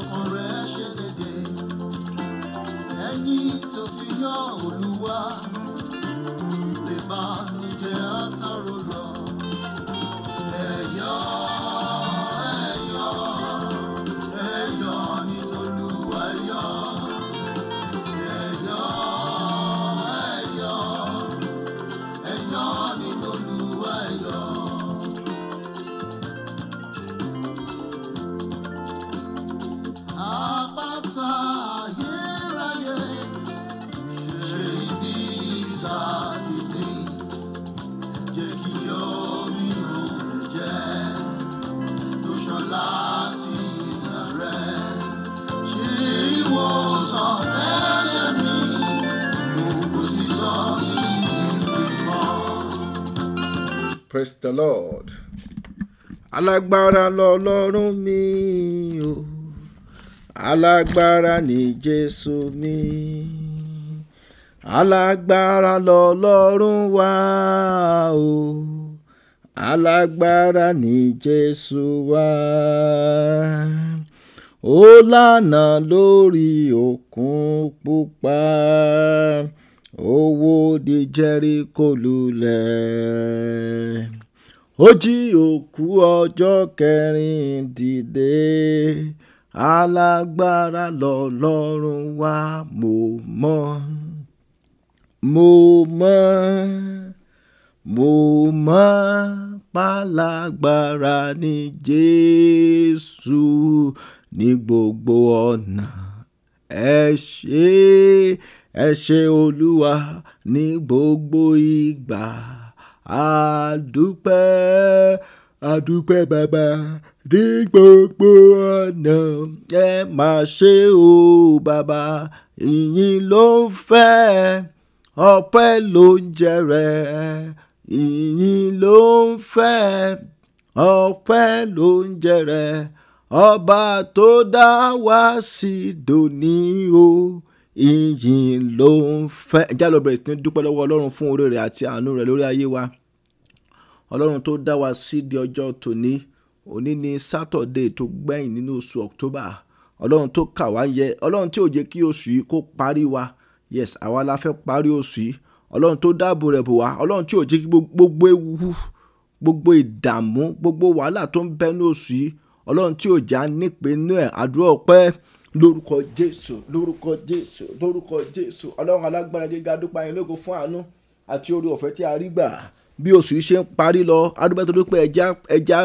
ọkùnrin ṣe dédé ẹ̀yìn tó see yan Olúwa. Praise the Lord. Alágbára lọ́lọ́run mi o, alágbára ni Jésù mi. Alágbára lọ́lọ́run wa o, alágbára ni Jésù wa. Ó lànà lórí òkun pupa ó wó di Jẹ́ríkò lulẹ̀ ó jí òkú ọjọ́ kẹrin dìde alágbára lọ́lọ́run wa mo mọ̀ mo mọ̀ mo mọ̀ pálágbára ní Jésù ní gbogbo ọ̀nà ẹ ṣé ẹ ṣé olúwa ní gbogbo ìgbà àdúpẹ́ àdúpẹ́ bàbá ní gbogbo ọ̀nà ẹ má ṣe o bàbá ìyìn ló ń fẹ́ ọpẹ́ ló ń jẹrẹ ìyìn ló ń fẹ́ ọpẹ́ ló ń jẹrẹ ọba tó dá wá sí dòní o ìyìn ló ń fẹ́ jálọ bẹ̀rẹ̀ sí ní dúpẹ́ lọ́wọ́ ọlọ́run fún oore rẹ̀ àti àánú rẹ̀ lórí ayé wa ọlọ́run tó dá wa sí di ọjọ́ tòní òní ni sátọ̀dé tó gbẹ̀yìn nínú oṣù october ọlọ́run tó kà wá yẹ ọlọ́run tí ò jẹ́ kí oṣù yìí kó parí wa yes àwa la fẹ́ parí oṣù yìí ọlọ́run tó dáàbò rẹ̀ bò wá ọlọ́run tí ò jẹ́ kí gbogbo ewu gbogbo ìdààmú gbogbo wàhálà tó ń bẹ́nu oṣù yìí ọlọ́run tí ò já nípinnu àdúrà ọpẹ́ lórúkọ jésù lórúkọ jésù lórúkọ jésù ọlọ́run alágbára gíga dúpọ̀ ayé lógo fún àánú àti orí ọ̀fẹ́ tí a rí gbà bí oṣù yìí ṣe ń parí lọ adúgbò tó dúpẹ́ ẹja ẹja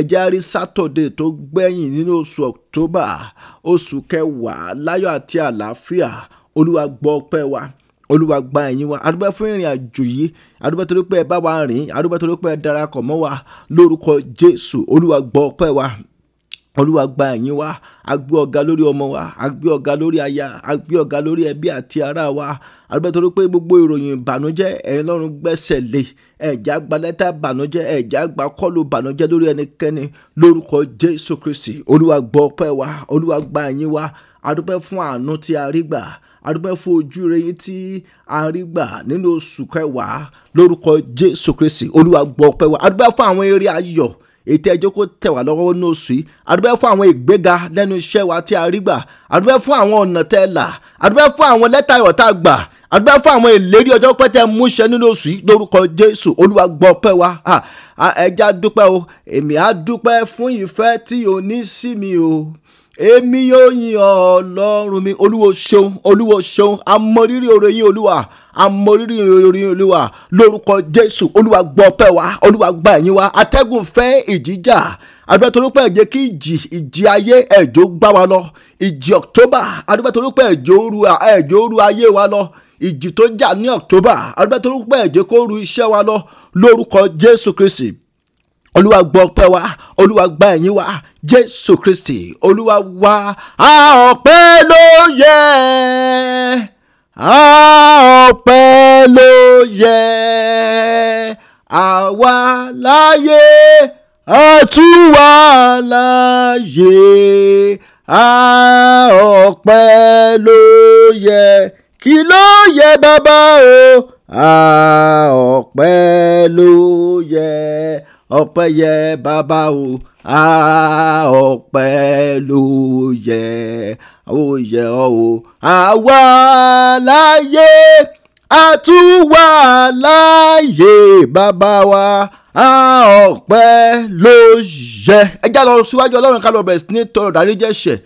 ẹja rí sátọ̀dé tó gbẹ̀yìn nínú oṣù ọ̀ktọ́bà oṣù kẹwàá láyọ̀ àti àlàáfíà olúwa gbọ́ ọpẹ́ wa olúwa gba ẹ̀yìn wa adúgbò fún ìrìn àjò yìí adúgbò tó dúpẹ́ ẹ bá wa rìn adúgbò tó dúpẹ́ ẹ darapọ̀ mọ́ wa lórúkọ jésù olúwa gbọ́ ọpẹ́ wa olúwa gba ẹ̀yìn wa a gbé ọ̀gá lórí ọmọ wa a gbé ọ̀gá lórí aya a gbé ọ̀gá lórí ẹbí àti ará wa arúgbátorí pé gbogbo ìròyìn ìbànújẹ́ ẹ̀yin lọ́run gbẹ́sẹ̀ lé ẹ̀já gba lẹ́tà ìbànújẹ́ ẹ̀já gba kọ́lù ìbànújẹ́ lórí ẹnikẹ́ni lórúkọ jésù kristi olúwa gbọ́ ọpẹ́ wa olúwa gba ẹ̀yìn wa a dúpẹ́ fún àánú tí a rí gbà a dúpẹ́ fún ojú rere tí a rí gbà nínú oṣù kẹwàá lórúkọ jésù kristi olúwa gbọ́ ọpẹ́ wa a dúpẹ́ fún àwọn eré ayọ̀ ètò ẹjọ́ kó tẹ̀ wá lọ́wọ́ ní oṣù yìí àdúgbò fún àwọn ìgbéga lẹ́nu iṣẹ́ wa tí a rí gbà àdúgbò fún àwọn ọ̀nà tẹ́ là àdúgbò fún àwọn lẹ́tà ayọ̀ tá a gbà àdúgbò fún àwọn ìlérí ọjọ́ pẹ́ tẹ́ nínú oṣù yìí lórúkọ Jésù Olúwa gbọ́ pẹ́ wa ẹja dúpẹ́ o èmi á dúpẹ́ fún ìfẹ́ tí o ní sí mi o èmi yóò yin ọlọ́run mi olúwo ṣeun olúwo ṣeun amọrírì oore yín olúwa amọrírì oore yín olúwa lórúkọ jésù olúwa gbọ́ ọpẹ́ wa olúwa gba ẹ̀yìn wa atẹ́gùn fẹ́ ìjìjà àdúrà torí pé ẹ̀jẹ̀ kí ìjì ìjì ayé ẹ̀jọ̀ gbá wa lọ ìjì october àdúrà torí pé ẹ̀jọ̀ oru ẹ̀jọ̀ oru ayé wa lọ ìjì tó jà ní october àdúrà torí pé ẹ̀jẹ̀ kó ru iṣẹ́ wa lọ lórúkọ jésù kristi olúwa gbọ́ ọpẹ́ wa olúwa gba ẹ̀yìn wa jésù kristi olúwa wa a ọpẹ́ ló yẹ a ọpẹ́ ló yẹ àwa láyé àtúwà láyé a ọpẹ́ ló yẹ kí ló yẹ bàbá o a ọpẹ́ ló yẹ ọpẹ́ yẹ bàbá o a ọpẹ́ ló yẹ ó yẹ ọ́ o àwa láyé a tún wà láyé bàbá wa a ọpẹ́ ló yẹ. ẹ já lọ síwájú ọlọ́run ká lọ bẹ̀rẹ̀ sí ní tọrọ dáríjẹ̀ṣẹ̀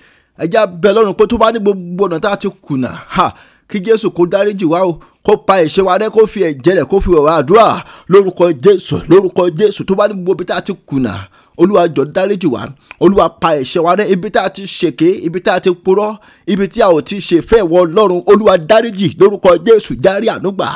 ẹ já bẹ̀ ọlọ́run pé tó bá ní gbogbo ọ̀nà tá a ti kùnà kí jésù kó dáríjì wá o kó pa ẹ̀ṣẹ̀ wa rẹ́ kó fi ẹ̀jẹ̀ rẹ̀ kó fi wẹ̀wà àdúrà lórúkọ jésù lórúkọ jésù tó bá ní gbogbo ibi tá a ti kùnà olúwa jọ dáríjì wá olúwa pa ẹ̀ṣẹ̀ wa rẹ́ ibi tá a ti ṣèké ibi tá a ti purọ́ ibi tí a ò ti ṣe fẹ́ wọ ọlọ́run olúwa dáríjì lórúkọ jésù járí ànúgbà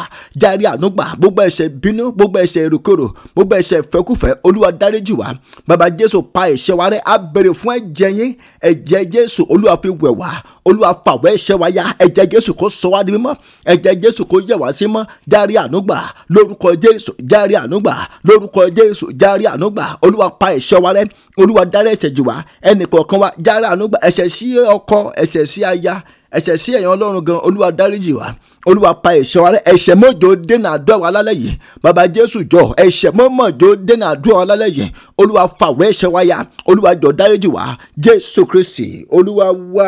járí ànúgbà gbogbo ẹ̀ṣẹ̀ bínú gbogbo ẹ̀ṣẹ̀ èròkèrò gbogbo ẹ̀ṣẹ̀ fẹ́kúfẹ́ olúwa dáríjì wá bàbá jésù pa ẹ̀ṣẹ̀ wa rẹ́ a béèrè fún ẹ̀jẹ̀ yín ẹ̀jẹ̀ jésù olúwa fi wẹ̀ wá olúwa fàwọ́ ẹ̀ṣẹ̀ wa ya ẹ̀jẹ̀ jésù kó sọ wá di mímọ́ ẹ̀jẹ̀ jésù kó yẹ̀ wá sí mọ́ járe ànúgbà lórúkọ jésù járe ànúgbà lórúkọ jésù járe ànúgbà olúwa pa ẹ̀ṣẹ̀ wa rẹ́ olúwa dárí ẹ̀ṣẹ̀ jì wá ẹnì kọ̀ọ̀kan wa járe ànúgbà ẹ̀ṣẹ̀ sí ọkọ ẹ̀ṣẹ̀ sí aya ẹ̀ṣẹ̀ sí ẹ̀yàn ọlọ́run gan olúwa dáríjì wá olúwa pa ẹ̀ṣẹ̀ wa rẹ́ ẹ̀ṣẹ̀ mọ́jọ dènà àdúrà wa lálẹ́ yìí bàbá jésù jọ ẹ̀ṣẹ̀ mọ́mọ́jọ dènà àdúrà wa lálẹ́ yìí olúwa fàwọ́ ẹ̀ṣẹ̀ wa ya olúwa jọ dáríjì wá jésù kristi olúwa wá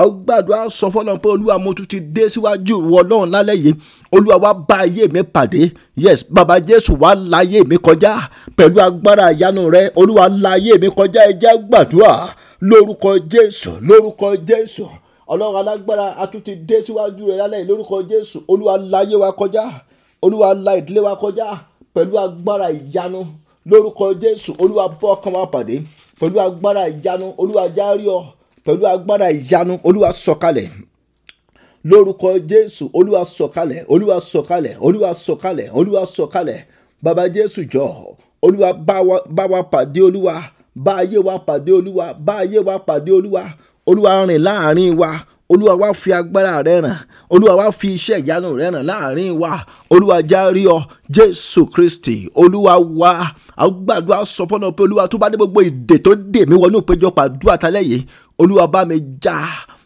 àwọn gbàdúrà sọ fọlọ́n pé olúwa mo tún ti dé síwájú wọ lọ́run lálẹ́ yìí olúwa wá bá ayé mi pàdé yes baba jésù wá la ayé mi kọjá pẹ̀lú agbára ìyanu rẹ olúwa la ayé mi kọjá ẹ jẹ́ gbàdúrà lórúkọ jésù lórúkọ jésù ọlọ́run alágbára a tún ti dé síwájú rẹ lálẹ́ lórúkọ jésù olúwa láyé wa kọjá olúwa la ìdílé wa kọjá pẹ̀lú agbára ìyanu lórúkọ jésù olúwa bọ́ ọkàn wa pàdé pẹ̀lú agbára ìyanu olúwa járí ọ pẹ̀lú agbára ìyanu olúwa sọ̀kalẹ̀ lórúkọ jésù olúwa sọ̀kalẹ̀ olúwa sọ̀kalẹ̀ olúwa sọ̀kalẹ̀ olúwa sọ̀kalẹ̀ baba jésù jọ olúwa bá wa pàdé olúwa bá ayé wa pàdé olúwa bá ayé wa pàdé olúwa olúwa rìn láàrin wa olúwa wa fi agbára rẹ ràn olúwa wá fi iṣẹ́ ìyanu rẹ ràn láàrin wa olúwa já rí ọ jésù kristi olúwa wá àgbàdua sọ fọlọ pé olúwa tó bá dé gbogbo ìdè tó dè mí wọnú ìpéjọpọ̀ àdúrà tálẹ̀ yìí olúwa bá mi já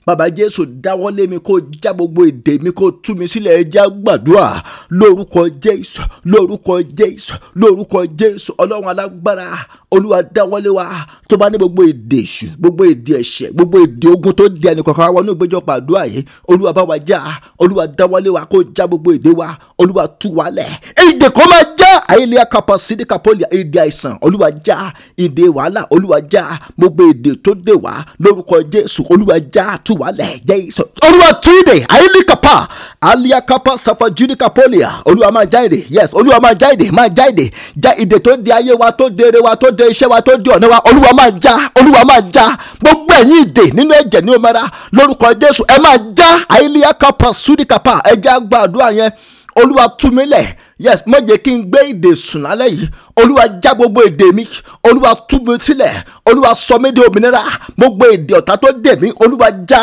bàbá jésù dáwọ́ mi kó já gbogbo èdè mi kó tú mi sílẹ̀ ẹja gbàdúrà lórúkọ jésù lórúkọ jésù lórúkọ jésù ọlọ́run alágbára olúwa dáwọ́ lé wa tó bá ní gbogbo èdè èṣù gbogbo èdè ẹ̀ṣẹ̀ gbogbo èdè ogun tó di ẹnì kọ̀ọ̀kan wọnú ìgbẹ́jọpọ̀ àdúrà yìí olúwa bá wa já olúwa dáwọ́ wa kó já gbogbo èdè wa olúwa tú wa lẹ̀ èdè kó máa já ayélujára kapa sídìkà pọ́lì èdè àìsàn olúwa já èdè wàhálà olúwa já gbogbo èdè tó dé wa lórúkọ jésù olúwa já tú tú wálẹ̀ jésù. olúwa tú ìdè àìlíkàpá aliakapa safa judikapolia olúwa máa já ìdè yes olúwa máa já ìdè máa já ìdè já ìdè tó di ayé wa tó di ere wa tó di iṣẹ́ wa tó di ọ̀nà wa olúwa máa já olúwa máa já gbogbo ẹ̀yìn ìdè nínú ẹ̀jẹ̀ ní omara lórúkọ jésù ẹ máa já àìlíakapa sudikapa ẹ já gbàdúrà yẹn olúwa tú yes má jẹ́ kí n gbé ìdè sùn lálẹ́ yìí olúwa já gbogbo ìdè mi olúwa tú sílẹ̀ olúwa sọ mí di òmìnira gbogbo èdè ọ̀tá tó dè mí olúwa já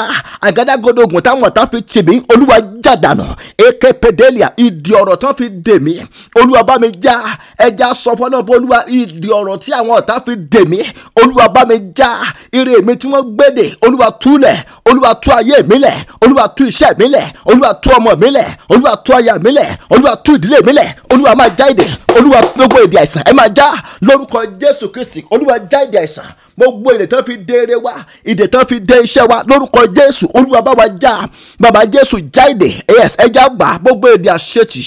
àgádágodo ògùn táwọn ọ̀tá fi tì mí olúwa já dànù èké pèdélìà ìdí ọ̀rọ̀ tán fi dè mí olúwa bá mi já ẹja sọ fọlọ́ bó olúwa ìdí ọ̀rọ̀ tí àwọn ọ̀tá fi dè mí olúwa bá mi já ire mi tí wọ́n gbédè olúwa túlẹ̀ olúwa tú ayé mi lẹ̀ olúwa tú iṣẹ́ mi lẹ̀ olúwa tú ọmọ mi lẹ̀ olúwa tú aya mi lẹ̀ olúwa tú ìdílé mi lẹ̀ olúwa máa já èdè olúwa gbogbo èdè àìsàn ẹ máa já lórúkọ jésù kristi olúwa já èdè àìsàn gbogbo ìdè tán fi dé eré wa ìdè tán fi dé iṣẹ́ wa lórúkọ jésù olúwa bá wa já bàbá jésù já ìdè yes ẹja gbà gbogbo èdè àṣetì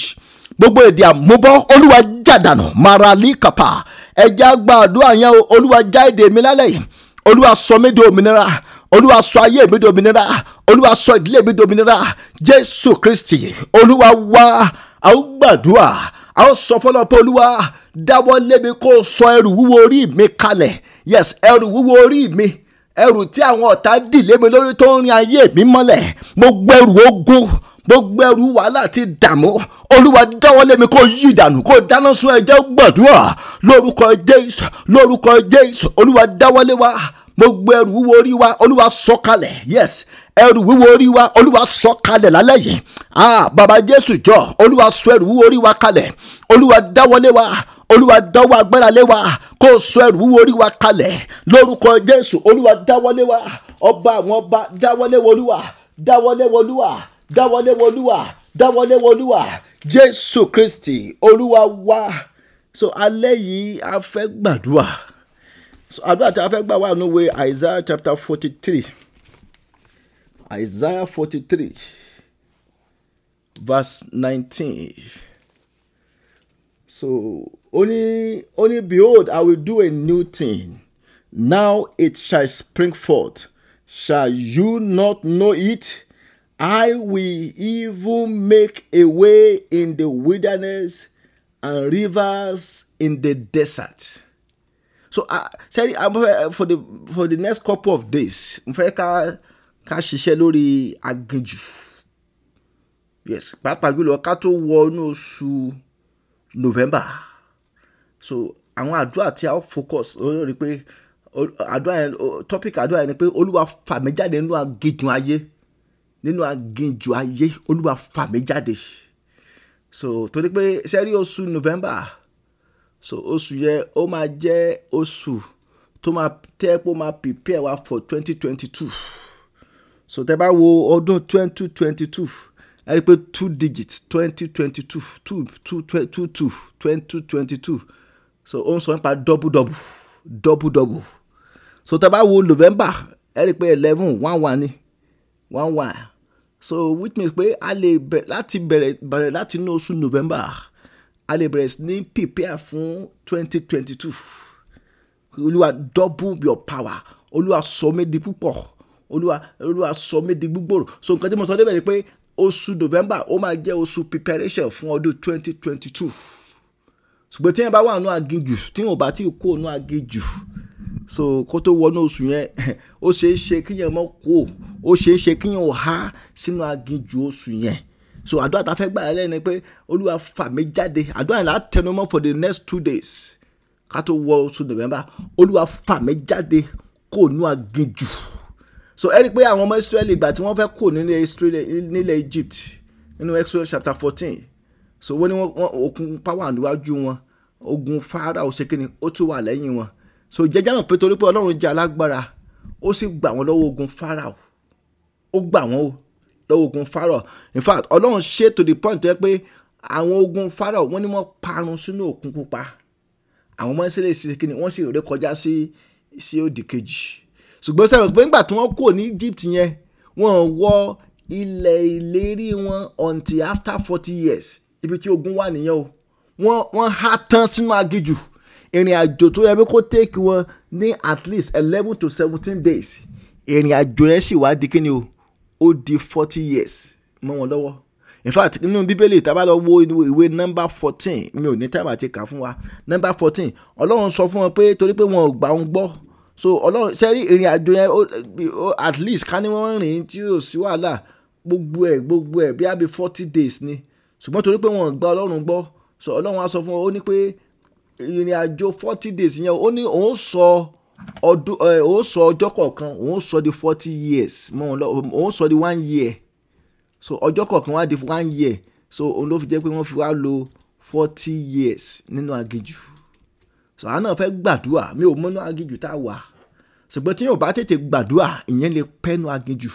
gbogbo èdè àmúbọ́ olúwa jàdánù marali kapa ẹja gbà àdúrà yẹn olúwa já ìdè mi lálẹ́ yìí olúwa sọ mí di òmìnira olúwa sọ ayé mi di òmìnira olúwa sọ ìdílé mi di òmìnira jésù kristi olúwa wá a ó gbàdúrà a ó sọ fọlọ́pọ̀ olúwa dáwọ́ lé kó sọ ẹrù wúwo orí mi kalẹ̀ yes ẹrù wúwo orí mi ẹrù tí àwọn ọ̀tá dì lé mi lórí tó ń rin ayé mi mọ́lẹ̀ mo gbẹrù ogun gbogbo ẹrù wàhálà ti dààmú olúwa dáwọ́ lé mi kó yí ìdànù kó dáná sun ẹjẹ́ gbàdúrà lórúkọ jésù lórúkọ jésù olúwa dáwọ́ lé wa gbogbo ẹrù wúwo orí wa olúwa sọ̀kalẹ̀ yes ẹrù wúwo orí wa olúwa sọ̀kalẹ̀ lálẹ́ yìí ah baba jésù jọ olúwa sọ ẹrù wúwo orí wa kalẹ̀ olúwa dáwọ́ lé wa olúwa dáwọ́ agbára lé wa kó o sọ ẹrù wúwo orí wa kalẹ̀ lórúkọ jésù olúwa dáwọ́lé wa ọba àwọn ọba dáwọ́lé wọlúwa dáwọ́lé wọlúwa dáwọ́lé wọlúwa dáwọ́lé wọlúwa jésù kristi olúwa wa so alẹ́ yìí a fẹ́ gbàdúrà so àdúrà tí a fẹ́ gbà wà nínú ìwé isaiah chapter forty three isaiah forty three verse nineteen so ó ní ó ní behold i will do a new thing now it shall spring forth shall you not know it i will even make a way in the wilderness and rivers in the desert. so uh, sorry, uh, for the for the next couple of days n fẹ́ ká ká ṣiṣẹ́ lórí aginjù yes pàápàá jùlọ ká tó wọ inú oṣù november so àwọn àdúrà tí a ó focus lórí pé àdúrà yẹn topic àdúrà yẹn ni pé olúwa fà mí jáde nínú aginjù ayé nínú aginjù ayé olúwa fà mí jáde so torí pé sẹ́rí oṣù november so oṣù yẹn ó máa jẹ́ oṣù tó máa tẹ́ pé ó máa prepare wa for twenty twenty two so tẹ́ bá wo ọdún twenty twenty two ẹ rí i pé two digits twenty twenty two two two two two twenty twenty two so ó ń sọ nípa double double double double so tá a bá wo november ẹ rí i pé eleven one one ni one one so which means pé a lè bẹ̀rẹ̀ láti bẹ̀rẹ̀ bẹ̀rẹ̀ láti inú oṣù november a lè bẹ̀rẹ̀ sí ní prepare fún twenty twenty two olúwa double your power olúwa sọ mí di púpọ̀ olúwa olúwa sọ mí di gbúgbòrò so nǹkan tí mo sọ débẹ̀ ni pé oṣù november ó máa jẹ́ oṣù preparation fún ọdún twenty twenty two ṣùgbọ́n tí yẹn bá wà nù aginjù tí wọn ò bá tí ì kó nù aginjù so kó tó wọnú oṣù yẹn ó ṣeé ṣe kíyàn mọ́ kó ó ṣeé ṣe kíyàn ò há sínú aginjù oṣù yẹn so àdúrà tá a fẹ́ gbà lẹ́yìn ni pé olúwa fà mí jáde àdúrà yẹn là á tẹnumọ́ for the next two days ká tó wọ oṣù november olúwa fà mí jáde kó nù aginjù so ẹ rí i pé àwọn ọmọ israẹli ìgbà tí wọ́n fẹ́ kó nílẹ̀ egypt nínú exodus chapter fourteen so wọ́n ní wọ́n okun power níwájú wọn ogun Fáráò ṣe kíni ó tún wà lẹ́yìn wọn so jẹjẹ mọ̀ pé torí pé ọlọ́run jẹ́ alágbára ó sì gbà wọ́n lọ́wọ́ ogun Fáráò ó gbà wọ́n o lọ́wọ́ ogun Fáráò in fact ọlọ́run ṣe to the point pé àwọn ogun Fáráò wọ́n ní wọ́n parun sínú òkun pupa àwọn ọmọ ìṣẹ̀lẹ̀ ṣe kíni wọ́n sì ré kọjá sí sí òdì kejì ṣùgbọ́n sẹ́wọ̀n pé nígbà tí wọ́n kò ní Egypt yẹn wọ́n wọ ilẹ̀ ìlérí wọn until after forty years ibi tí ogun wà nìyẹn o wọ́n wọ́n há tán sínú agijù ìrìn àjò tó yẹ kó take wọn ní at least eleven to seventeen days ìrìn àjò yẹn sì wá di kíni o ó di forty years mọ́ wọn lọ́wọ́ in fact nínú bíbélì tá a bá lọ wo ìwé nọ́mbà fourteen mi ò ní táìmù àti kà fún wa nọ́mbà fourteen ọlọ́run sọ fún wọn pé torí pé wọn ò gbà ń gbọ́ so ọlọ́run sẹ́rí ìrìn àjò yẹn at least ká ní wọ́n rìn tí yóò sí wàhálà gbogbo ẹ̀ gbogbo ẹ̀ bí i abi forty days ni ṣùgbọ́n torí pé wọ́n gba ọlọ́run gbọ́ sọ ọlọ́run á sọ fún ọ ó ní pé ìrìn àjò forty days yẹn ó ní òun sọ ọdún ẹ òun sọ ọjọ́ kọ̀ọ̀kan òun sọ di forty years mọ́ òun lọ òun sọ di one year so ọjọ́ kọ̀ọ̀kan wá di one year so òun ló fi jẹ́ pé wọ́n fi wá lò forty years nínú aginjù so àwọn náà fẹ́ gbàdúrà mi ò mọ́nú aginjù tá a wà ṣùgbọ́n tí yóò bá tètè gbàdúrà ìyẹn lè pẹ́nu aginjù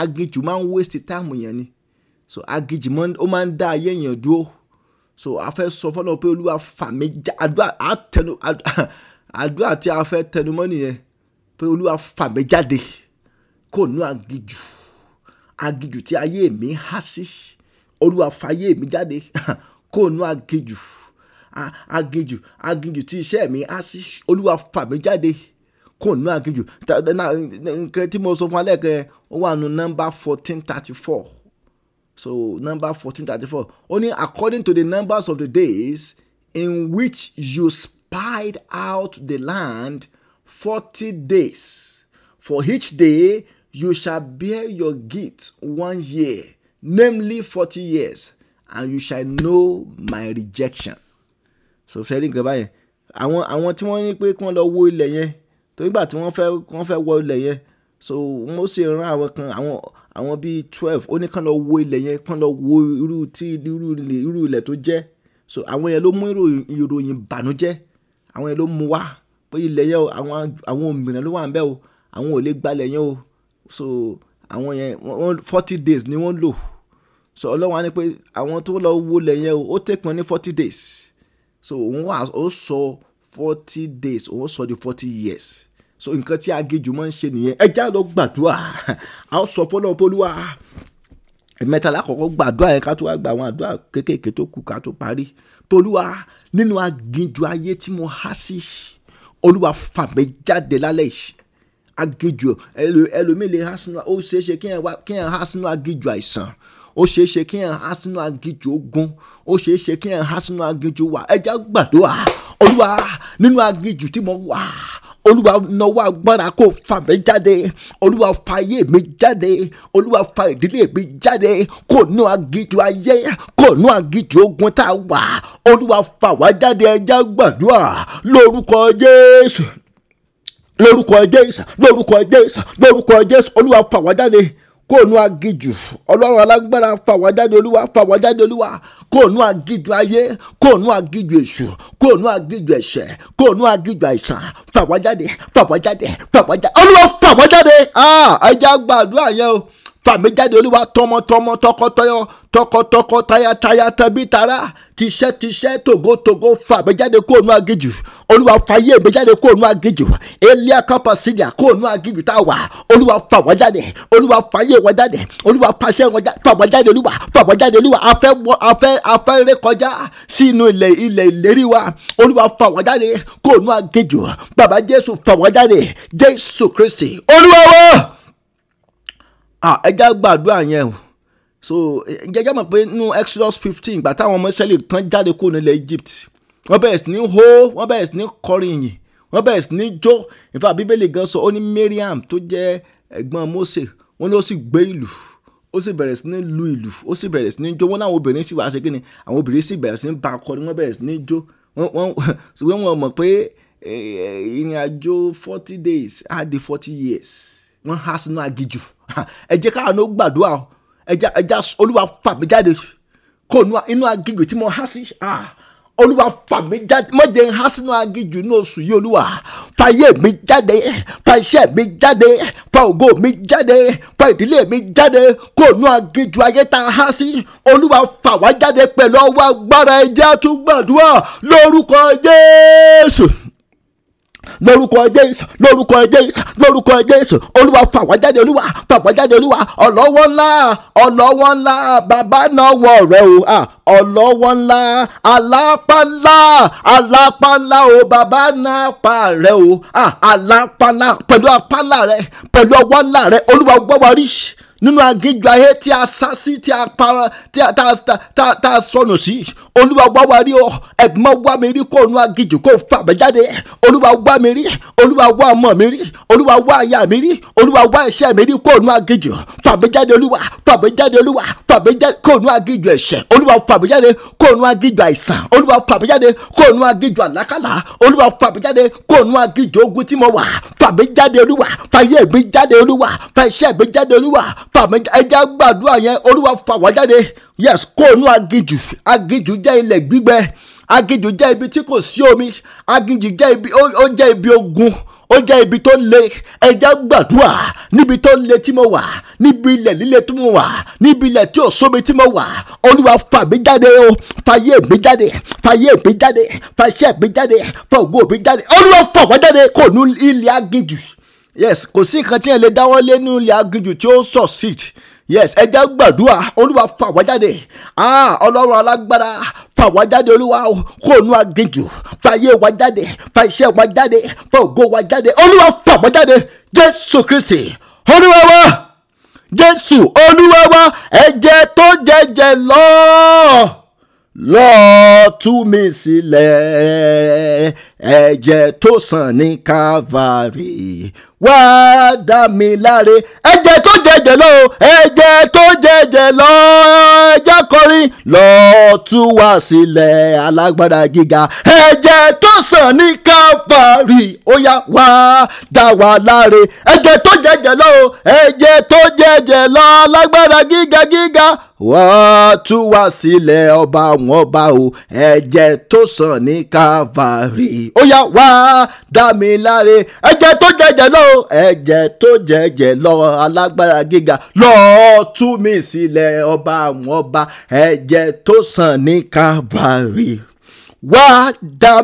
aginjù máa ń waste time yẹn ni so agíjì ó máa ń dá ayé èèyàn dúró so a fẹ́ sọ fọ́nà pé olúwa fà mí já àdúrà àtẹnu àdúrà tí a fẹ́ tẹnumọ́ nìyẹn pé olúwa fà mí jáde kò nú agíjù agíjù tí ayé mi há sí olúwa fà ayé mi jáde kò nú agíjù agíjù agíjù tí iṣẹ́ mi há sí olúwa fà mí jáde kò nú agíjù nǹkan tí mo sọ fún alẹ́ kẹ́ ọ wà nù nọ́mbà fourteen thirty four. So, number fourteen thirty four Only according to the numbers of the days in which you spied out the land forty days. For each day you shall bear your gift one year, namely forty years, and you shall know my rejection. So, ṣe rí nǹkan báyẹn. Àwọn àwọn tí wọ́n ní pé kí wọ́n lọ wo ilẹ̀ yẹn. Tó nígbà tí wọ́n fẹ́ wọ ilẹ̀ yẹn. So, mo sì ran àwọn kan àwọn àwọn bíi twelve ó ní kán lọ wo ilẹ̀ yẹn kán lọ wo irú tí irú ilẹ̀ irú ilẹ̀ tó jẹ́ so àwọn yẹn ló mú ìròyìn bànújẹ́ àwọn yẹn ló mú wá pé ilẹ̀ yẹn o àwọn àwọn òmìnira ló wà ń bẹ̀ o àwọn ò lè gbalẹ̀ yẹn o so àwọn yẹn wọ́n forty days ni wọ́n lò so ọlọ́wọ́n á ní pé àwọn tó lọ wo ilẹ̀ yẹn o ó tẹ̀pọ̀ ní forty days so òun wà ó sọ forty days òun sọ di forty years so nǹkan tí agéjù máa ń ṣe nìyẹn ẹ já lọ gbàdúrà a sọ fọlọ́ polúwa mẹ́tàlá kọ́kọ́ gbàdúrà yẹn ká tó wá gba àwọn àdúrà kéékèèké tó kù ká tó parí polúwa nínú agéjù ayé tí mo há sí olúwa fà mí jáde lálẹ́ yìí agéjù ẹlòmíì lè há sínú ó ṣeé ṣe kí ẹ há sínú agéjù àìsàn ó ṣeé kí ẹ há sínú agéjù ogun ó ṣeé kí ẹ há sínú agéjù wà ẹ já gbàdúrà olúwa nínú agéjù tí mo wà olúwa nawọ́ agbára kó fà mí jáde olúwa fà ayé mi jáde olúwa fà ìdílé mi jáde kò nú agijù ayé kò nú agijù ogun tá a wà olúwa fà wá jáde ẹja gbàdúrà lórúkọ jésù lórúkọ jésù lórúkọ jésù lórúkọ jésù olúwa fà wá jáde kóònù agijù ọlọ́run alágbára fàwọ́ jáde olúwa fàwọ́ jáde olúwa kóònù agijù ayé kóònù agijù èṣù kóònù agijù ẹ̀ṣẹ̀ kóònù agijù àìsàn fàwọ́ jáde fàwọ́ jáde fàwọ́ jáde olúwa fàwọ́ jáde ah ẹja gbàdúrà yẹn o fàmíjáde olúwa tọmọtọmọ tọkọtọyọ tọkọtọkọ tayataya tẹbítara tiṣẹ́ tiṣẹ́ tògótògó fàmíjáde kóònù agijù olúwa fàyè méjáde kóònù agijù elia kápásílíà kóònù agijù tá a wà olúwa fàwọ́jáde olúwa fàyè wọ́jáde olúwa fàṣẹ fàwọ́jáde olúwa fàwọ́jáde olúwa afẹ́ afẹ́ afẹ́ rékọjá sínú ilẹ̀ ilẹ̀ ìlérí wa olúwa fàwọ́jáde kóònù agijù bàbá jésù fàwọ́jáde jésù kristi olúwa wọ́ọ́ ẹja gbàdúrà yẹn o so jẹjẹ mọ̀ pé nínú Exodus fifteen ìgbà táwọn ọmọ Ísírẹ́lì tán jáde kó nílẹ̀ Egypt wọ́n bẹ̀rẹ̀ sí ní hó wọ́n bẹ̀rẹ̀ sí ní kọrin ìyìn wọ́n bẹ̀rẹ̀ sí ní jó ìfà bíbélì gan sọ ó ní Mariam tó jẹ́ ẹ̀gbọ́n Mose wọ́n ní ó sì gbé ìlú ó sì bẹ̀rẹ̀ sí ní lu ìlú ó sì bẹ̀rẹ̀ sí ní jó wọ́n láwọn obìnrin sì wá ṣe kíni àwọn obìnrin sì bẹ̀rẹ̀ sí ní ba akọrin wọ́n bẹ̀rẹ̀ sí ní jó wọ́n ṣùgbọ́n wọn mọ̀ pé eh, ìrìn àjò forty days á di forty years wọ́n há sínú aginjù ẹ jẹ́ káwọn ló gbàdúrà o ẹja ẹja olúwa fà mí jáde kó inú aginjù tí mo há sí ah, olúwa fà mí jáde má jẹ́ n há sínú aginjù ní oṣù yìí olúwa fà yé mi jáde fà iṣẹ́ mi jáde fà ògo mi jáde fà ìdílé mi jáde kó inú aginjù ayé tá a há sí olúwa fà wá jáde pẹ̀lú ọwọ́ agbára ẹja tún gbàdúrà lórúkọ jésù lórúkọ jésù lórúkọ jésù lórúkọ jésù olúwa fà wá jáde olúwa fà wá jáde olúwa ọlọ́wọ́ ńlá ọlọ́wọ́ ńlá bàbá náà wọ̀ rẹ o ọlọ́wọ́ ńlá alápá ńlá alápá ńlá o bàbá náà pa rẹ o alápá ńlá pẹ̀lú apá ńlá rẹ pẹ̀lú ọwọ́ ńlá rẹ olúwa gbọ́ wa rí nínú agíjọ ayé tí a sá sí tí a para tí a ta a sọnù sí olúwa wá wa rí ọ ẹ̀gbọ́n wá mi rí kó nu agíjù kó fà mí jáde olúwa wá mi rí olúwa wá ọmọ mi rí olúwa wá aya mi rí olúwa wá iṣẹ́ mi rí kó nu agíjù fà mí jáde olúwa fà mí jáde olúwa fà mí jáde kó nu agíjù ẹ̀ṣẹ̀ olúwa fà mí jáde kó nu agíjù àìsàn olúwa fà mí jáde kó nu agíjù àlákàlà olúwa fà mí jáde kó nu agíjù ogun tí mo wà fà mí jáde olúwa fà iye mi jáde olúwa fà iṣẹ́ mi jáde olúwa fàmí ẹja gbàdúrà yẹn olúwa fà wá jáde yes kóònù aginjù aginjù jẹ́ ilẹ̀ gbígbẹ aginjù jẹ́ ibi tí kò sí omi aginjù jẹ́ ibi ó jẹ́ ibi ogun ó jẹ́ ibi tó le ẹja gbàdúrà níbi tó le tí mo wà níbi ilẹ̀ líle tí mo wà níbi ilẹ̀ tí ò sómi tí mo wà olúwa fà mí jáde o fàyè mi jáde fàyè mi jáde fàṣẹ mi jáde fàwọ mi jáde olúwa fà wá jáde kóònù ilẹ̀ aginjù yes kò sí nǹkan tí ẹ lè dáwọ́ lé nínú ilé aginjù tí ó succeed yes ẹ já gbàdúrà olúwa fà wá jáde ah ọlọ́run alágbára fà wá jáde olúwa kó nu aginjù fà yé wa jáde fà iṣẹ́ wa jáde fà ògo wa jáde olúwa fà wá jáde jésù kristi olúwa wa jésù olúwa wa ẹ̀jẹ̀ tó jẹ̀jẹ̀ lọ lọ́ọ́ tú mi sílẹ̀ ẹ̀jẹ̀ tó sàn ní Calvary wá dá mi láre ẹ̀jẹ̀ tó jẹ̀jẹ̀ lọ ẹ̀jẹ̀ tó jẹ̀jẹ̀ lọ ẹ̀jẹ̀ kọrin lọ tú wá sílẹ̀ alágbára gíga ẹ̀jẹ̀ tó sàn ní Calvary ó yá wá dá wa láre ẹ̀jẹ̀ tó jẹ̀jẹ̀ lọ ẹ̀jẹ̀ tó jẹ̀jẹ̀ lọ alágbára gíga gíga wá tú wá sílẹ̀ ọba àwọn ọba o ẹ̀jẹ̀ tó sàn ní Calvary ó yá wá dá mi láre ẹ̀jẹ̀ tó jẹ̀jẹ̀ lọ ẹ̀jẹ̀ tó jẹ̀jẹ̀ lọ alágbára gíga lọ tú mi sílẹ̀ ọba àwọn ọba ẹ̀jẹ̀ tó sàn ní kábàárì wá dá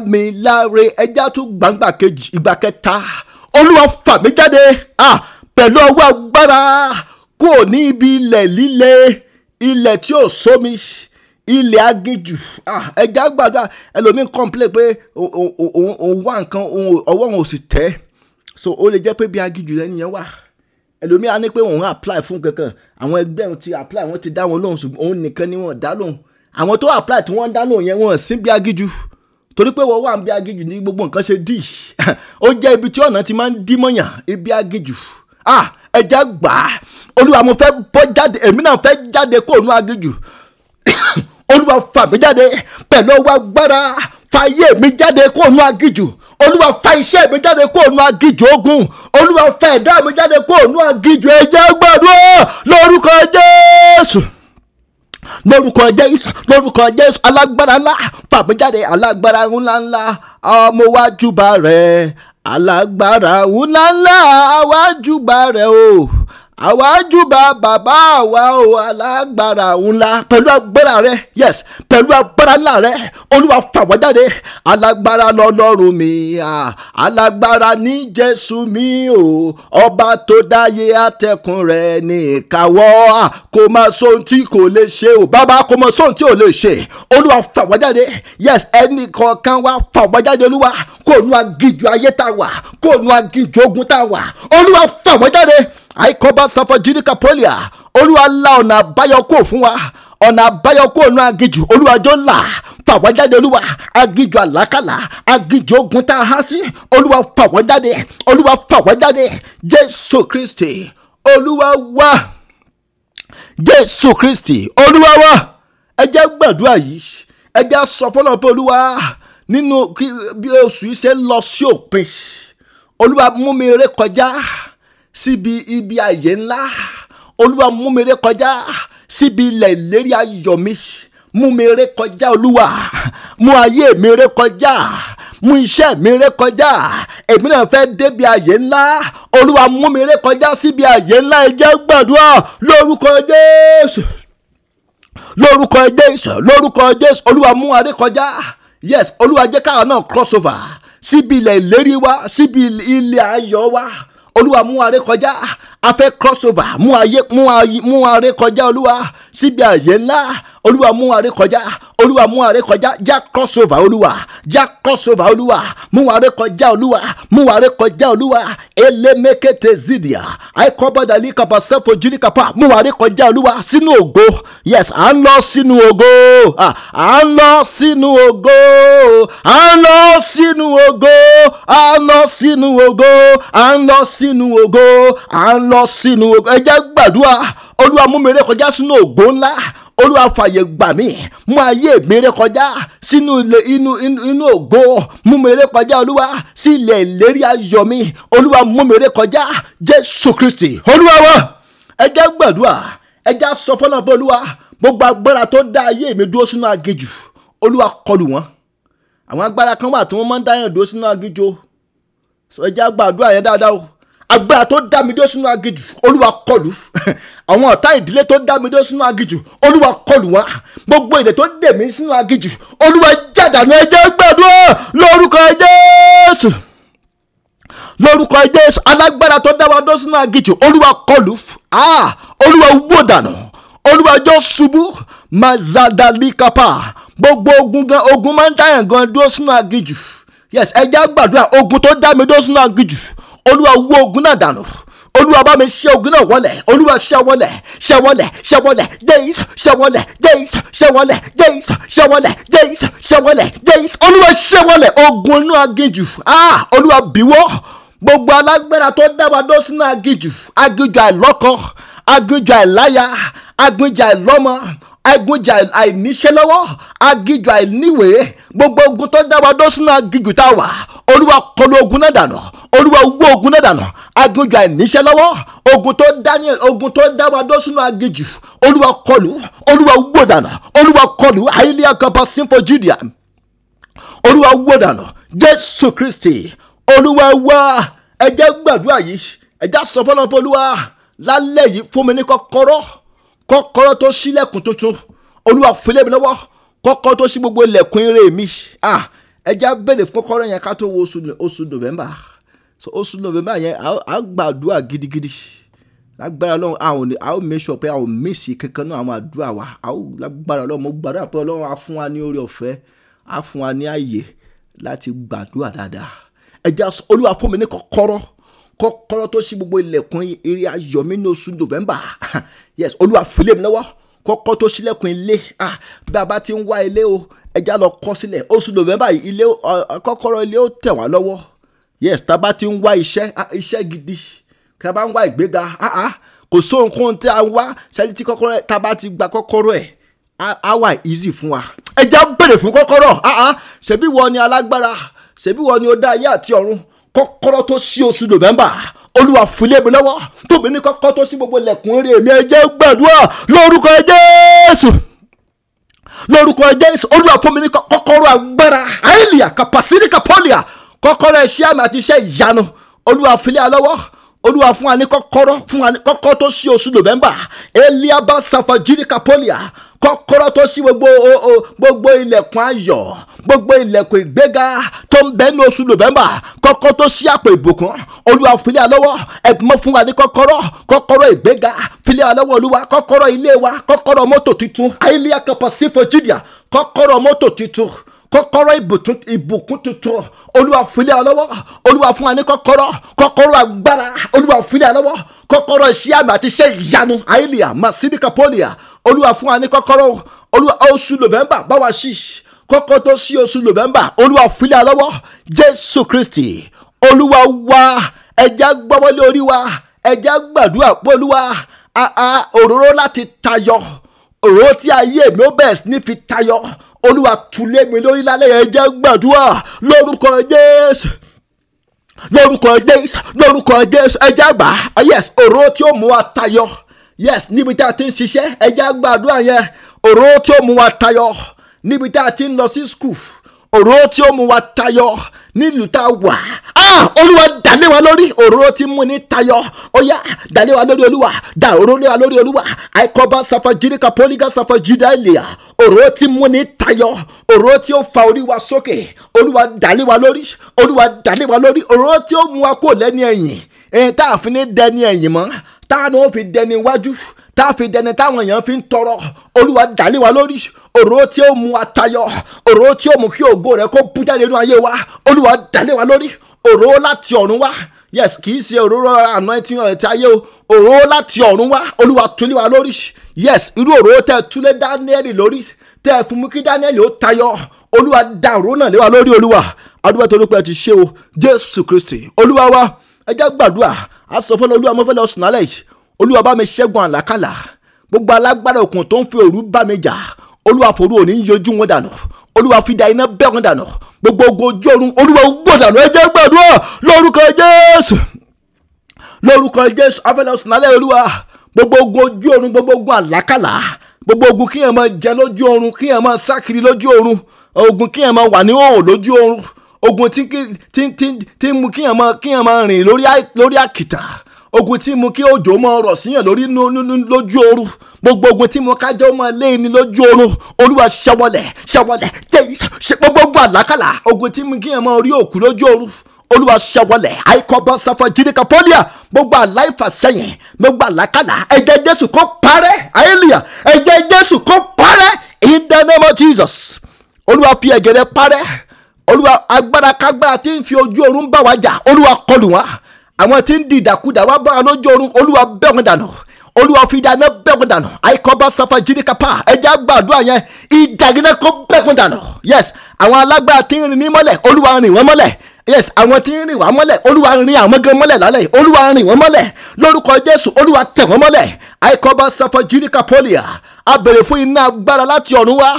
láre ẹ̀jẹ̀ tó gbangba kejì ìgbà kẹta olúwa fà jáde ah pẹ̀lú ọwọ́ agbára kúrò ní ibi ilẹ̀ líle ilẹ̀ tí ò sómi. So ilẹ̀ aginjù ah, ẹja gbàdúrà ẹlòmíín complain pé òun wá nǹkan ọwọ́ òun ò sì tẹ́ so ó lè jẹ́ pé bí aginjù lẹ́nu yẹn wà ẹlòmíín á ní pé òun apply fún kankan àwọn ẹgbẹ́ òun ti apply wọ́n ti dá wọn lóhùn ṣùgbọ́n òun nìkan ni wọ́n dá lóhùn àwọn tó apply tí wọ́n dá lóhùn yẹn wọ́n sí bí aginjù torí pé wọ́n wà ń bí aginjù ní gbogbo nǹkan ṣe dì ó jẹ́ ibi tí ọ̀nà ti máa ń dí mọ̀yàn ibi aginjù ah ẹja gbà á olúwa mo fẹ́ bọ́ jáde èmi náà fẹ́ jáde kó òun aginjù olúwa fà mí jáde pẹ̀lú ọwọ́ agbára fàyè mi jáde kó nu agijù olúwa fà iṣẹ́ mi jáde kó nu agijù ogun olúwa fà ẹ̀dá mi jáde kó nu agijù ẹ̀jẹ̀ gbàdúrà lórúkọ jésù lórúkọ jésù lórúkọ jésù alágbára ńlá pàmíjáde alágbára ńláńlá ọmọwájúbà rẹ alágbára ńláńlá wájúbà rẹ o àwa júbà bàbá àwa o alágbára ńlá pẹ̀lú agbára rẹ yes pẹ̀lú agbára ńlá rẹ olúwa fà wá jáde alágbára lọ́lọ́run mi alágbára ní jésù mi o ọba tó dáyé atẹ́kùn rẹ ní ìkáwọ́ kò máa sóhun tí kò lè ṣe o bàbá kò máa sóhun tí ò lè ṣe olúwa fà jáde yes ẹnì kọ̀ọ̀kan wa fà wá jáde olúwa kò nu agijù ayé tá a wà kò nu agijù ogun tá a wà olúwa fà jáde àìkọ́bá sàfàjìrì kàpọ́lìà olúwa la ọ̀nà àbáyọ kò fún wa ọ̀nà àbáyọ kò nu aginjù olúwa jọ là fàwọn jáde olúwa aginjù àlákàlà aginjù ogun tá a há sí olúwa fàwọn jáde olúwa fàwọn jáde jésù kristi olúwa wá jésù kristi olúwa wá ẹ jẹ́ gbàdúrà yìí ẹ jẹ́ sọ fọlọ́n pé olúwa nínú bí oṣù yìí ṣe ń lọ sí òpin olúwa mú mi rékọjá síbi ibi àyè ńlá olúwa mú mi ré kọjá síbi ilẹ̀ ìlérí ayọ̀ mi mú mi ré kọjá olúwa mú ayé mi ré kọjá mú iṣẹ́ mi ré kọjá èmi náà fẹ́ débi àyè ńlá olúwa mú mi ré kọjá síbi àyè ńlá ẹ jẹ́ gbàdúrà lórúkọ jésù lórúkọ jésù lórúkọ jésù olúwa mú adé kọjá yes olúwa jẹ́ káwa náà cross over síbi ilẹ̀ ìlérí wa síbi ilẹ̀ ayọ̀ wa olúwa mú aré kọjá afẹ́ crossover mú ayé mú aré kọjá olúwa síbi àyè ńlá olúwa mú wa ré kọjá olúwa mú wa ré kọjá já cross over olúwa já cross over olúwa mú wa ré kọjá olúwa mú wa ré olúwa elémekete zidia àìkọ́bọ̀dàlí kaba sẹ́fọ̀ jírí kapa mú wa ré olúwa sínú ògo yes à ń lọ sínú ògo à ń lọ sínú ògo à ń lọ sínú ògo à ń lọ sínú ògo à ń lọ sínú ògo à ń lọ sínú ògo ẹ jẹ́ gbàdúrà olúwa mú mi ré sínú ògo ńlá olúwa fàyè gbà mí mú ayé mi ré kọjá sínú ilé inú inú ògo mú mi ré kọjá olúwa sí ilẹ̀ ìlérí ayọ̀ mi olúwa mú mi ré kọjá jésù kristi olúwa wa ẹ jẹ́ gbàdúrà ẹ jẹ́ sọ fọlọ́n pé olúwa gbogbo agbára tó dá ayé mi dúró sínú agijù olúwa kọlù wọn àwọn agbára kan wà tí wọ́n máa ń dá yàn dúró sínú agijù ẹ gbàdúrà yẹn dáadáa o agbára tó dá mi dó sínú agijù olúwa kọlù àwọn ọ̀tá ìdílé tó dá mi dó sínú agijù olúwa kọlù wọn gbogbo èdè tó dè mí sínú agijù olúwa jàdánù ẹ jẹ́ gbàdúrà lórúkọ Jésù lórúkọ Jésù alágbára tó dá wa dó sínú agijù olúwa kọlù ah, olúwa wó dànù olúwa jọ ṣubú mazadalikapa gbogbo ogun gan ogun máa ń dáyàn gan dó sínú agijù yes ẹ jẹ́ gbàdúrà ogun tó dá mi dó sínú agijù olúwa wó ogun náà dànù olúwa bá mi ṣẹ́ ogun náà wọlẹ̀ olúwa ṣẹ́ wọlẹ̀ ṣẹ́ wọlẹ̀ ṣẹ́ wọlẹ̀ days ṣẹ́ wọlẹ̀ days ṣẹ́ wọlẹ̀ days ṣẹ́ wọlẹ̀ days ṣẹ́ wọlẹ̀ days olúwa ṣẹ́ wọlẹ̀ ogun inú aginjù ah olúwa bíwọ́ gbogbo alágbára tó dábàá dó sínú aginjù aginjù àìlọ́kọ aginjù àìláya aginjù àìlọ́mọ agunjà àìníṣẹ́ lọ́wọ́ agijù àìníwèé gbogbo ogun tó dá wa dó sínú agijù tá a wà olúwa kọlu ogun náà dànù olúwa wó ogun náà dànù agijù àìníṣẹ́ lọ́wọ́ ogun tó daniel ogun tó dá wa dó sínú agijù olúwa kọlu olúwa wó dànù olúwa kọlu àìlè akọba sínfọ judea olúwa wó dànù jésù kristi olúwa wá ẹ jẹ́ gbàdúrà yìí ẹ jẹ́ sọ fọlọ́pọ̀ olúwa lálẹ́ yìí fún mi ní kọ́kọ́rọ́ kọ́kọ́rọ́ tó ṣílẹ̀kùn tuntun olúwa fìlẹ̀ mi lọ́wọ́ kọ́kọ́ tó ṣí gbogbo ilẹ̀kùn ire mi ah ẹja béèrè fún kọ́kọ́rọ́ yẹn ká tó wo oṣù november so oṣù november yẹn a gbàdúrà gidigidi lágbára ọlọ́run a ò ní a ò make sure pé a ò mísì kankan náà àwọn àdúrà wa a ò lágbára ọlọ́run mo gbàdúrà pé ọlọ́run á fún wa ní oore ọ̀fẹ́ á fún wa ní àyè láti gbàdúrà dáadáa ẹja olúwa fún mi ní kọ́kọ́rọ́ kọ́kọ́rọ́ tó ṣí gbogbo ilẹ̀kùn eré ayọ̀ mi ní oṣù november yes olúwa philip lọ́wọ́ kọ́kọ́ tó ṣílẹ̀kùn ilé ah bí a bá ti ń wá ilé o ẹja lọ kọ́ sílẹ̀ oṣù november ilé kọ́kọ́rọ́ ilé ó tẹ̀ wá lọ́wọ́ yes tá a bá ti ń wá iṣẹ́ ah, iṣẹ́ gidi tá a bá ń wá ìgbéga ah ah kò sóhun kóhun tí a ń wá ṣẹ́ni tí kọ́kọ́rọ́ tá a bá ti gba kọ́kọ́rọ́ ẹ̀ á wà easy fún wa ẹja bèrè fún kọ́kọ́rọ́ ah ah ṣebí wọ ni alágbára ṣebí wọ ni ó dá ayé àti ọ̀run kọ́kọ́rọ́ tó sí oṣù november olúwa fúnlẹ̀ mi lọ́wọ́ tóbi ní kọ́kọ́ tó sí gbogbo lẹ̀kùn rẹ̀ mi ẹ jẹ́ gbàdúrà lórúkọ jésù lórúkọ jésù olúwa fún mi ní kọ́kọ́rọ́ agbára àìlìyà kàpàsíríkà pọ́lìà kọ́kọ́rọ́ iṣẹ́ àmì àti iṣẹ́ ìyanu olúwa fúnlẹ̀ lọ́wọ́ olúwa fún wa ní kọ́kọ́rọ́ fún wa ní kọ́kọ́ tó sí oṣù november eliaba safa jirika pọ́lìà kọ́kọ́rọ́ tó ṣí gbogbo gbogbo ilẹ̀kùn ayọ̀ gbogbo ilẹ̀kùn ìgbéga tó ń bẹ ní oṣù november kọ́kọ́ tó ṣí àpò ìbùkún olúwa filẹ̀ alọ́wọ́ ẹ̀gbọ́n fún wa ní kọ́kọ́rọ́ kọ́kọ́rọ́ ìgbéga filẹ̀ alọ́wọ́ olúwa kọ́kọ́rọ́ ilé wa kọ́kọ́rọ́ mọ́tò tuntun ayélujára kọ́pọ̀ sífò jìdíà kọ́kọ́rọ́ mọ́tò tuntun kọ́kọ́rọ́ ìbùkún tuntun olúwa fìlẹ̀ ọlọ́wọ́ olúwa fún wa ní kọ́kọ́rọ́ kọ́kọ́rọ́ agbára olúwa fìlẹ̀ ọlọ́wọ́ kọ́kọ́rọ́ iṣẹ́ àmì àti iṣẹ́ ìyanu àìlíà masidika polia olúwa fún wa ní kọ́kọ́rọ́ olúwa oṣù november báwa ṣì kọ́kọ́ tó sí oṣù november olúwa fìlẹ̀ ọlọ́wọ́ jésù kristi olúwa wa ẹja gbọ́wọ́lé orí wa ẹja gbàdúrà pé olúwa òróró láti tayọ òróró tí ayé mi ó bẹ̀rẹ̀ sí ní fi tayọ olúwa tulẹ̀ mi lórí lálẹ́ yẹn jẹ́ gbàdúrà lórúkọ jésù lórúkọ jésù lórúkọ jésù ẹjẹ́ àgbà yes òró tí ó mú wa tayọ yes níbi tá a ti ń ṣiṣẹ́ ẹjẹ́ àgbàdúrà yẹn òró tí ó mú wa tayọ níbi tá a ti ń lọ sí skul òróró tí ó mú wa tayọ nílùú tá a wà á olúwa dàlé wa lórí òróró tí mú ni tayọ ọyá dàlé wa lórí olúwa dà òróró wa lórí olúwa àìkọ́bá sàfàjìríkà pọ́lígà sàfàjìdá ìlẹ̀yà òróró tí mú ni tayọ òróró tí ó fa orí wa sókè olúwa dàlé wa lórí olúwa dàlé wa lórí òróró tí ó mú wa kó lẹ́ni ẹ̀yìn tá a fi ní dẹni ẹ̀yìn mọ́ tá a náà fi dẹni iwájú tá a fi dẹni táwọn èèyàn fi ń tọrọ olúwa dàlẹ́ wa lórí òró tí ó mú atayọ òró tí ó mú kí ògo rẹ kó bú jáde nínú ayé wa olúwa dàlẹ́ wa lórí òró láti ọ̀run wá yes kì í ṣe òróró anointing ọ̀rẹ́ tí ayé o òró láti ọ̀run wá olúwa túlé wa lórí yes irú òró tẹ túlé Dáníẹ́lì lórí tẹ fún mú kí Dáníẹ́lì ó tayọ olúwa dá òró náà lé wa lórí olúwa adúgbò tó lópin ẹ ti ṣe o Jésù Kristi olúwa wa ẹ jẹ́ gbàdúrà a sọ fọlọ́ olúwa mo fẹ́ lọ yìí olúwa bá mi ṣẹ́gun àlákàlà gbogbo alágbára òkun tó ń fi òru bá mi jà olúwa fòru òní yọjú wọn dànù olúwa fìdá iná bẹ́ wọn dànù gbogbo ogun ojú ọ̀run olúwa gbọ́ dànù ẹ jẹ́ gbàdúrà lórúkọ jésù lórúkọ jésù afẹ́lẹ́ ọ̀sán alẹ́ olúwa gbogbo ogun ojú ọ̀run gbogbo ogun àlákàlà gbogbo ogun kí ẹ máa jẹ lójú ọ̀run kí ẹ máa sá lójú ọ̀run ogun kí ẹ máa wà ní òòrùn lójú ọ̀run ogun tí ń mú kí ẹ máa rìn lórí àkìtàn ogun tí mo kí òjò mọ ọrọ̀ síyàn lórí lójú ooru gbogbo ogun tí mo kájọ́ mọ léyìn lójú ooru olúwa ṣẹwọlẹ̀ ṣẹwọlẹ̀ jẹ́ gbogbo àlákàlà ogun tí mo kí yẹn mọ orí òkú lójú ooru olúwa ṣẹwọlẹ̀ àìkọ́bọ̀ sáfọ jírika pọ́líà gbogbo àláìfà sẹ́yìn gbogbo àlákàlà ẹ̀jẹ̀ jésù kó parẹ́ àyèlìyà ẹ̀jẹ̀ jésù kó parẹ́ in the name of jesus olúwa fi ẹ̀jẹ̀ rẹ̀ parẹ́ olúwa agbára kágbára tí ń fi ojú oorun bá wa olúwa kọlù wọn àwọn tí ń di ìdàkudà wá bára lójú oorun olúwa bẹ́ dànù olúwa fi ìdáná bẹ́ dànù àìkọ́bá sáfà jírikapa ẹja gbàdúrà yẹn ìdàgínà kó bẹ́ dànù yes àwọn alágbára tí ń rìn ní mọ́lẹ̀ olúwa rìn wọ́n mọ́lẹ̀ yes àwọn tí ń rìn wá mọ́lẹ̀ olúwa rìn àwọn gan mọ́lẹ̀ lálẹ́ olúwa rìn wọ́n mọ́lẹ̀ lórúkọ jésù olúwa tẹ̀ wọ́n mọ́lẹ̀ àìkọ́bá sáfà jírikapolia a bèrè fún iná agbára láti ọ̀run wá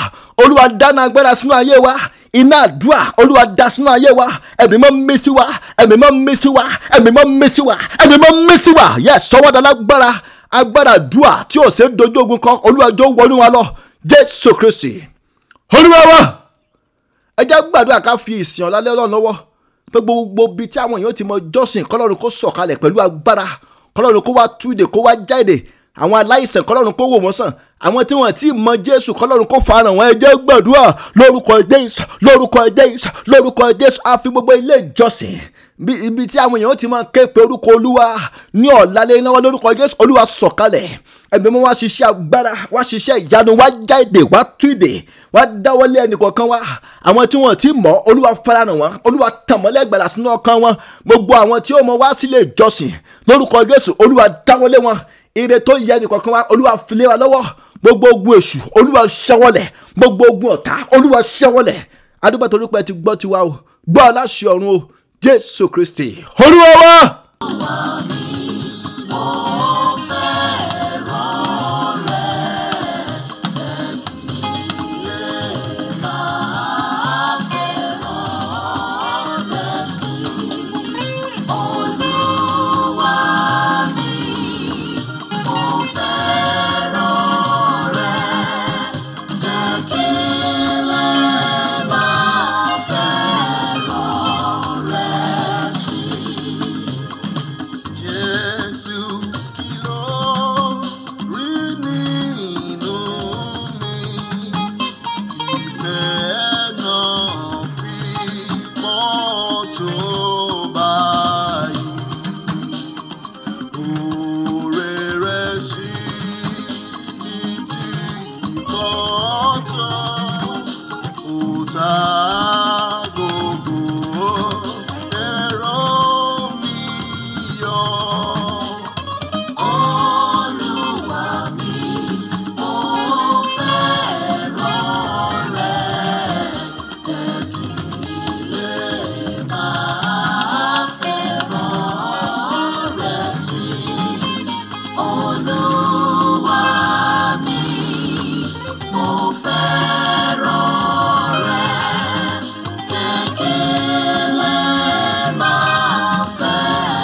olúwa dáná agbára sínú ayé wa iná àdúrà olúwa dasúnú ayé wa ẹ̀mí mọ́ mí sí wa ẹ̀mí mọ́ mí sí wa ẹ̀mí mọ́ mí sí wa ẹ̀mí mọ́ mí sí wa yẹ sọ́wọ́dà lágbára agbára àdúrà tí ò ṣe dojú ogun kan olúwa jó wọnú wa lọ jésù kristi olúwa wa ẹ jẹ́ gbàdúrà ká fi ìsìn ọ̀la lẹ́rọ̀ lọ́wọ́ pé gbogbo bíi tí àwọn èèyàn ti mọ jọ́sìn kọ́lọ́run kó sọ̀kalẹ̀ pẹ̀lú agbára kọ́lọ́run kó wá tú kó wá já àwọn aláìsàn kọ́lọ́run kó wò wọ́n sàn àwọn tí wọn ti mọ jésù kọlọ́run kó farahàn wọn ẹ jẹ́ gbàdúrà lórúkọ jésù lórúkọ jésù lórúkọ jésù àfi gbogbo ilé ìjọsìn bí ibi tí àwọn èèyàn ti máa ké pe orúkọ olúwa ní ọ̀làlẹ́ iná wa lórúkọ jésù olúwa sọ̀kalẹ̀ ẹ̀mí mọ́ wá ṣiṣẹ́ agbára wá ṣiṣẹ́ ìyanu wá já èdè wá tú èdè wá dáwọ́lé ẹnì kọ̀ọ̀kan wá àwọn tí wọ́n ti mọ̀ olúwa farahàn wọn olúwa tàmọ́lẹ̀ gbàlà sínú ọkàn wọn gbogbo àwọn tí ó mọ wá sílé ìjọsìn lórúkọ jésù olúwa dáwọ́lé wọn ire tó yẹ ẹnì kọ̀ọ̀kan wá olúwa filé wa lọ́wọ́ gbogbo ogun èṣù olúwa ṣẹ́wọ́lẹ̀ gbogbo ogun ọ̀tá olúwa ṣẹ́wọ́lẹ̀ adúgbò torí pé ti gbọ́ tiwa o gbọ́ aláṣẹ ọ̀run o jésù kristi olúwa wá. ọ̀rọ̀